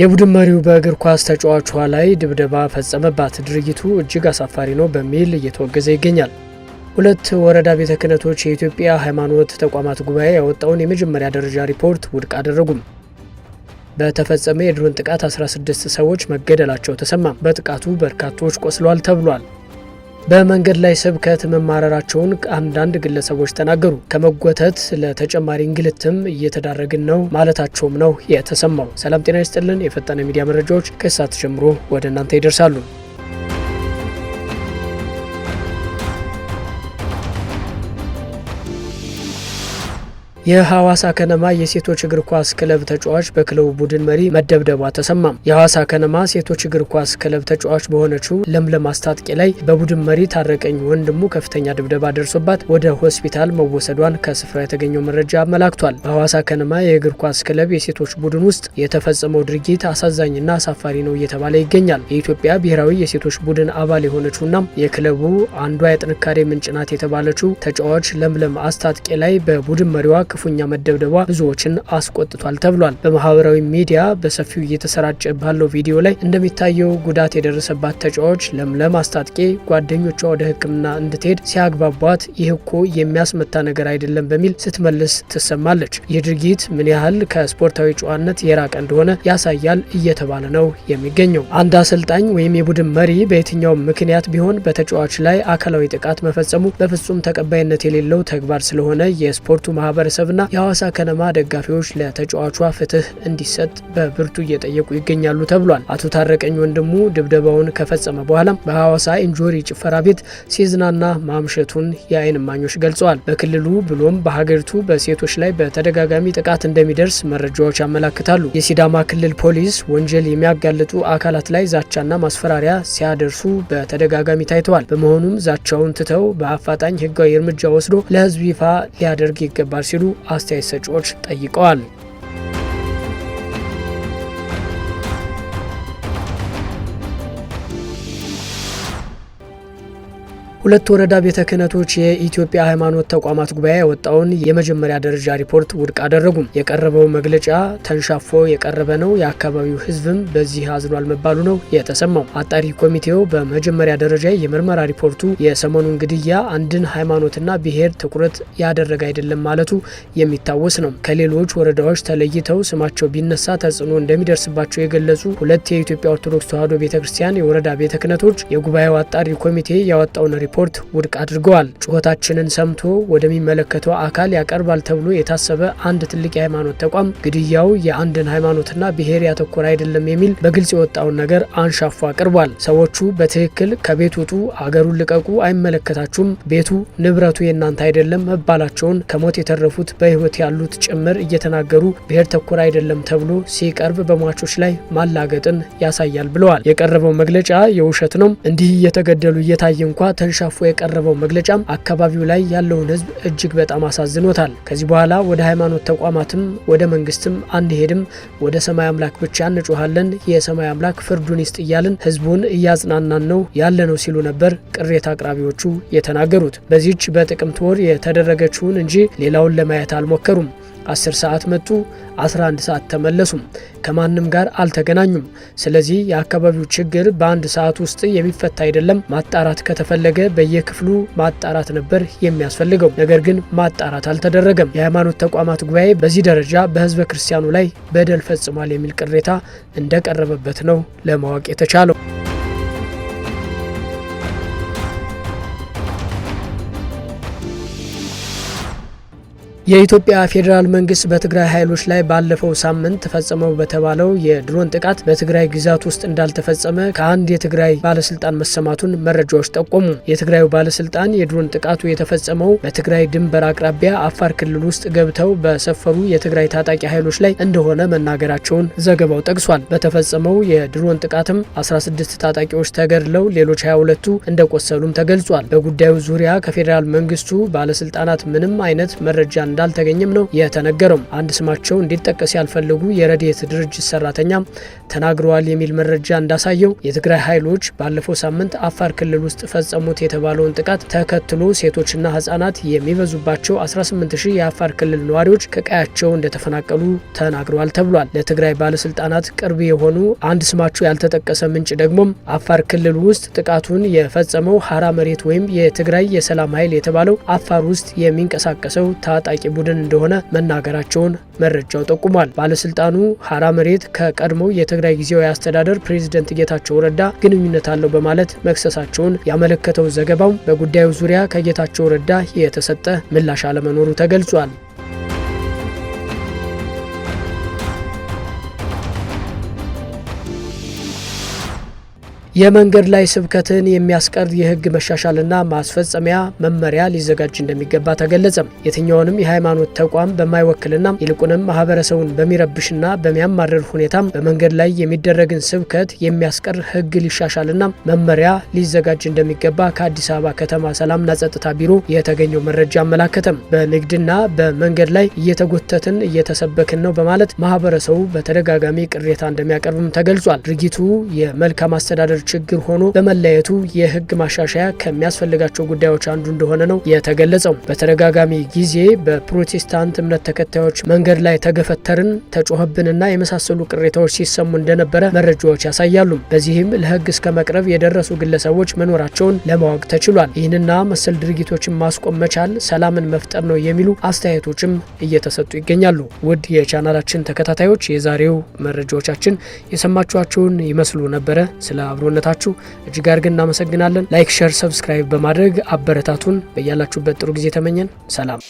የቡድን መሪው በእግር ኳስ ተጫዋቿ ላይ ድብደባ ፈጸመባት። ድርጊቱ እጅግ አሳፋሪ ነው በሚል እየተወገዘ ይገኛል። ሁለት ወረዳ ቤተ ክህነቶች የኢትዮጵያ ሃይማኖት ተቋማት ጉባኤ ያወጣውን የመጀመሪያ ደረጃ ሪፖርት ውድቅ አደረጉም። በተፈጸመ የድሮን ጥቃት 16 ሰዎች መገደላቸው ተሰማ። በጥቃቱ በርካቶች ቆስለዋል ተብሏል። በመንገድ ላይ ስብከት መማረራቸውን አንዳንድ ግለሰቦች ተናገሩ። ከመጎተት ለተጨማሪ እንግልትም እየተዳረግን ነው ማለታቸውም ነው የተሰማው። ሰላም ጤና ይስጥልን። የፈጠነ ሚዲያ መረጃዎች ከሰዓት ጀምሮ ወደ እናንተ ይደርሳሉ። የሐዋሳ ከነማ የሴቶች እግር ኳስ ክለብ ተጫዋች በክለቡ ቡድን መሪ መደብደቧ ተሰማም። የሐዋሳ ከነማ ሴቶች እግር ኳስ ክለብ ተጫዋች በሆነችው ለምለም አስታጥቄ ላይ በቡድን መሪ ታረቀኝ ወንድሙ ከፍተኛ ድብደባ ደርሶባት ወደ ሆስፒታል መወሰዷን ከስፍራ የተገኘው መረጃ አመላክቷል። በሐዋሳ ከነማ የእግር ኳስ ክለብ የሴቶች ቡድን ውስጥ የተፈጸመው ድርጊት አሳዛኝና አሳፋሪ ነው እየተባለ ይገኛል። የኢትዮጵያ ብሔራዊ የሴቶች ቡድን አባል የሆነችውና የክለቡ አንዷ የጥንካሬ ምንጭ ናት የተባለችው ተጫዋች ለምለም አስታጥቄ ላይ በቡድን መሪዋ ክፉኛ መደብደቧ ብዙዎችን አስቆጥቷል ተብሏል። በማህበራዊ ሚዲያ በሰፊው እየተሰራጨ ባለው ቪዲዮ ላይ እንደሚታየው ጉዳት የደረሰባት ተጫዋች ለምለም አስታጥቄ ጓደኞቿ ወደ ሕክምና እንድትሄድ ሲያግባቧት ይህ እኮ የሚያስመታ ነገር አይደለም በሚል ስትመልስ ትሰማለች። ይህ ድርጊት ምን ያህል ከስፖርታዊ ጨዋነት የራቀ እንደሆነ ያሳያል እየተባለ ነው የሚገኘው። አንድ አሰልጣኝ ወይም የቡድን መሪ በየትኛው ምክንያት ቢሆን በተጫዋች ላይ አካላዊ ጥቃት መፈጸሙ በፍጹም ተቀባይነት የሌለው ተግባር ስለሆነ የስፖርቱ ማህበረሰብ ማህበረሰብና የሐዋሳ ከነማ ደጋፊዎች ለተጫዋቿ ፍትህ እንዲሰጥ በብርቱ እየጠየቁ ይገኛሉ ተብሏል። አቶ ታረቀኝ ወንድሙ ድብደባውን ከፈጸመ በኋላ በሐዋሳ ኢንጆሪ ጭፈራ ቤት ሲዝናና ማምሸቱን የአይን እማኞች ገልጸዋል። በክልሉ ብሎም በሀገሪቱ በሴቶች ላይ በተደጋጋሚ ጥቃት እንደሚደርስ መረጃዎች ያመላክታሉ። የሲዳማ ክልል ፖሊስ ወንጀል የሚያጋልጡ አካላት ላይ ዛቻና ማስፈራሪያ ሲያደርሱ በተደጋጋሚ ታይተዋል። በመሆኑም ዛቻውን ትተው በአፋጣኝ ህጋዊ እርምጃ ወስዶ ለህዝብ ይፋ ሊያደርግ ይገባል ሲሉ አስተያየት ሰጪዎች ጠይቀዋል። ሁለት ወረዳ ቤተ ክህነቶች የኢትዮጵያ ሃይማኖት ተቋማት ጉባኤ ያወጣውን የመጀመሪያ ደረጃ ሪፖርት ውድቅ አደረጉም። የቀረበው መግለጫ ተንሻፎ የቀረበ ነው፣ የአካባቢው ህዝብም በዚህ አዝኗል መባሉ ነው የተሰማው። አጣሪ ኮሚቴው በመጀመሪያ ደረጃ የምርመራ ሪፖርቱ የሰሞኑን ግድያ አንድን ሃይማኖትና ብሔር ትኩረት ያደረገ አይደለም ማለቱ የሚታወስ ነው። ከሌሎች ወረዳዎች ተለይተው ስማቸው ቢነሳ ተጽዕኖ እንደሚደርስባቸው የገለጹ ሁለት የኢትዮጵያ ኦርቶዶክስ ተዋህዶ ቤተ ክርስቲያን የወረዳ ቤተ ክህነቶች የጉባኤው አጣሪ ኮሚቴ ያወጣውን ሪፖርት ውድቅ አድርገዋል። ጩኸታችንን ሰምቶ ወደሚመለከተው አካል ያቀርባል ተብሎ የታሰበ አንድ ትልቅ የሃይማኖት ተቋም ግድያው የአንድን ሃይማኖትና ብሔር ያተኮረ አይደለም የሚል በግልጽ የወጣውን ነገር አንሻፎ አቅርቧል። ሰዎቹ በትክክል ከቤት ውጡ፣ አገሩን ልቀቁ፣ አይመለከታችሁም፣ ቤቱ ንብረቱ የእናንተ አይደለም መባላቸውን ከሞት የተረፉት በህይወት ያሉት ጭምር እየተናገሩ ብሔር ተኮር አይደለም ተብሎ ሲቀርብ በሟቾች ላይ ማላገጥን ያሳያል ብለዋል። የቀረበው መግለጫ የውሸት ነው። እንዲህ እየተገደሉ እየታየ እንኳ ተንሽ አንሻፎ የቀረበው መግለጫም አካባቢው ላይ ያለውን ህዝብ እጅግ በጣም አሳዝኖታል። ከዚህ በኋላ ወደ ሃይማኖት ተቋማትም ወደ መንግስትም አንሄድም፣ ወደ ሰማይ አምላክ ብቻ እንጮሃለን፣ የሰማይ አምላክ ፍርዱን ይስጥ እያልን ህዝቡን እያጽናናን ነው ያለ ነው ሲሉ ነበር ቅሬታ አቅራቢዎቹ የተናገሩት። በዚህች በጥቅምት ወር የተደረገችውን እንጂ ሌላውን ለማየት አልሞከሩም። 10 ሰዓት መጡ፣ 11 ሰዓት ተመለሱም። ከማንም ጋር አልተገናኙም። ስለዚህ የአካባቢው ችግር በአንድ ሰዓት ውስጥ የሚፈታ አይደለም። ማጣራት ከተፈለገ በየክፍሉ ማጣራት ነበር የሚያስፈልገው። ነገር ግን ማጣራት አልተደረገም። የሃይማኖት ተቋማት ጉባኤ በዚህ ደረጃ በህዝበ ክርስቲያኑ ላይ በደል ፈጽሟል የሚል ቅሬታ እንደቀረበበት ነው ለማወቅ የተቻለው። የኢትዮጵያ ፌዴራል መንግስት በትግራይ ኃይሎች ላይ ባለፈው ሳምንት ተፈጸመው በተባለው የድሮን ጥቃት በትግራይ ግዛት ውስጥ እንዳልተፈጸመ ከአንድ የትግራይ ባለስልጣን መሰማቱን መረጃዎች ጠቆሙ። የትግራዩ ባለስልጣን የድሮን ጥቃቱ የተፈጸመው በትግራይ ድንበር አቅራቢያ አፋር ክልል ውስጥ ገብተው በሰፈሩ የትግራይ ታጣቂ ኃይሎች ላይ እንደሆነ መናገራቸውን ዘገባው ጠቅሷል። በተፈጸመው የድሮን ጥቃትም 16 ታጣቂዎች ተገድለው ሌሎች 22ቱ እንደቆሰሉም ተገልጿል። በጉዳዩ ዙሪያ ከፌዴራል መንግስቱ ባለስልጣናት ምንም አይነት መረጃ እንዳልተገኘም ነው የተነገረው። አንድ ስማቸው እንዲጠቀስ ያልፈለጉ የረድኤት ድርጅት ሰራተኛ ተናግረዋል የሚል መረጃ እንዳሳየው የትግራይ ኃይሎች ባለፈው ሳምንት አፋር ክልል ውስጥ ፈጸሙት የተባለውን ጥቃት ተከትሎ ሴቶችና ህጻናት የሚበዙባቸው 18000 የአፋር ክልል ነዋሪዎች ከቀያቸው እንደተፈናቀሉ ተናግረዋል ተብሏል። ለትግራይ ባለስልጣናት ቅርብ የሆኑ አንድ ስማቸው ያልተጠቀሰ ምንጭ ደግሞ አፋር ክልል ውስጥ ጥቃቱን የፈጸመው ሀራ መሬት ወይም የትግራይ የሰላም ኃይል የተባለው አፋር ውስጥ የሚንቀሳቀሰው ታጣቂ ቡድን እንደሆነ መናገራቸውን መረጃው ጠቁሟል። ባለስልጣኑ ሀራ መሬት ከቀድሞው የትግራይ ጊዜያዊ አስተዳደር ፕሬዝደንት ጌታቸው ረዳ ግንኙነት አለው በማለት መክሰሳቸውን ያመለከተው ዘገባው በጉዳዩ ዙሪያ ከጌታቸው ረዳ የተሰጠ ምላሽ አለመኖሩ ተገልጿል። የመንገድ ላይ ስብከትን የሚያስቀር የህግ መሻሻልና ማስፈጸሚያ መመሪያ ሊዘጋጅ እንደሚገባ ተገለጸም። የትኛውንም የሃይማኖት ተቋም በማይወክልና ይልቁንም ማህበረሰቡን በሚረብሽና በሚያማርር ሁኔታም በመንገድ ላይ የሚደረግን ስብከት የሚያስቀር ህግ ሊሻሻልና መመሪያ ሊዘጋጅ እንደሚገባ ከአዲስ አበባ ከተማ ሰላምና ጸጥታ ቢሮ የተገኘው መረጃ አመላከተም። በንግድና በመንገድ ላይ እየተጎተትን እየተሰበክን ነው በማለት ማህበረሰቡ በተደጋጋሚ ቅሬታ እንደሚያቀርብም ተገልጿል። ድርጊቱ የመልካም አስተዳደር ችግር ሆኖ በመለየቱ የህግ ማሻሻያ ከሚያስፈልጋቸው ጉዳዮች አንዱ እንደሆነ ነው የተገለጸው። በተደጋጋሚ ጊዜ በፕሮቴስታንት እምነት ተከታዮች መንገድ ላይ ተገፈተርን፣ ተጮኸብንና የመሳሰሉ ቅሬታዎች ሲሰሙ እንደነበረ መረጃዎች ያሳያሉ። በዚህም ለህግ እስከ መቅረብ የደረሱ ግለሰቦች መኖራቸውን ለማወቅ ተችሏል። ይህንና መሰል ድርጊቶችን ማስቆም መቻል ሰላምን መፍጠር ነው የሚሉ አስተያየቶችም እየተሰጡ ይገኛሉ። ውድ የቻናላችን ተከታታዮች የዛሬው መረጃዎቻችን የሰማችኋቸውን ይመስሉ ነበረ ስለ አብሮ ስለሆነታችሁ እጅግ አድርገን እናመሰግናለን። ላይክ፣ ሸር፣ ሰብስክራይብ በማድረግ አበረታቱን። በያላችሁበት ጥሩ ጊዜ ተመኘን። ሰላም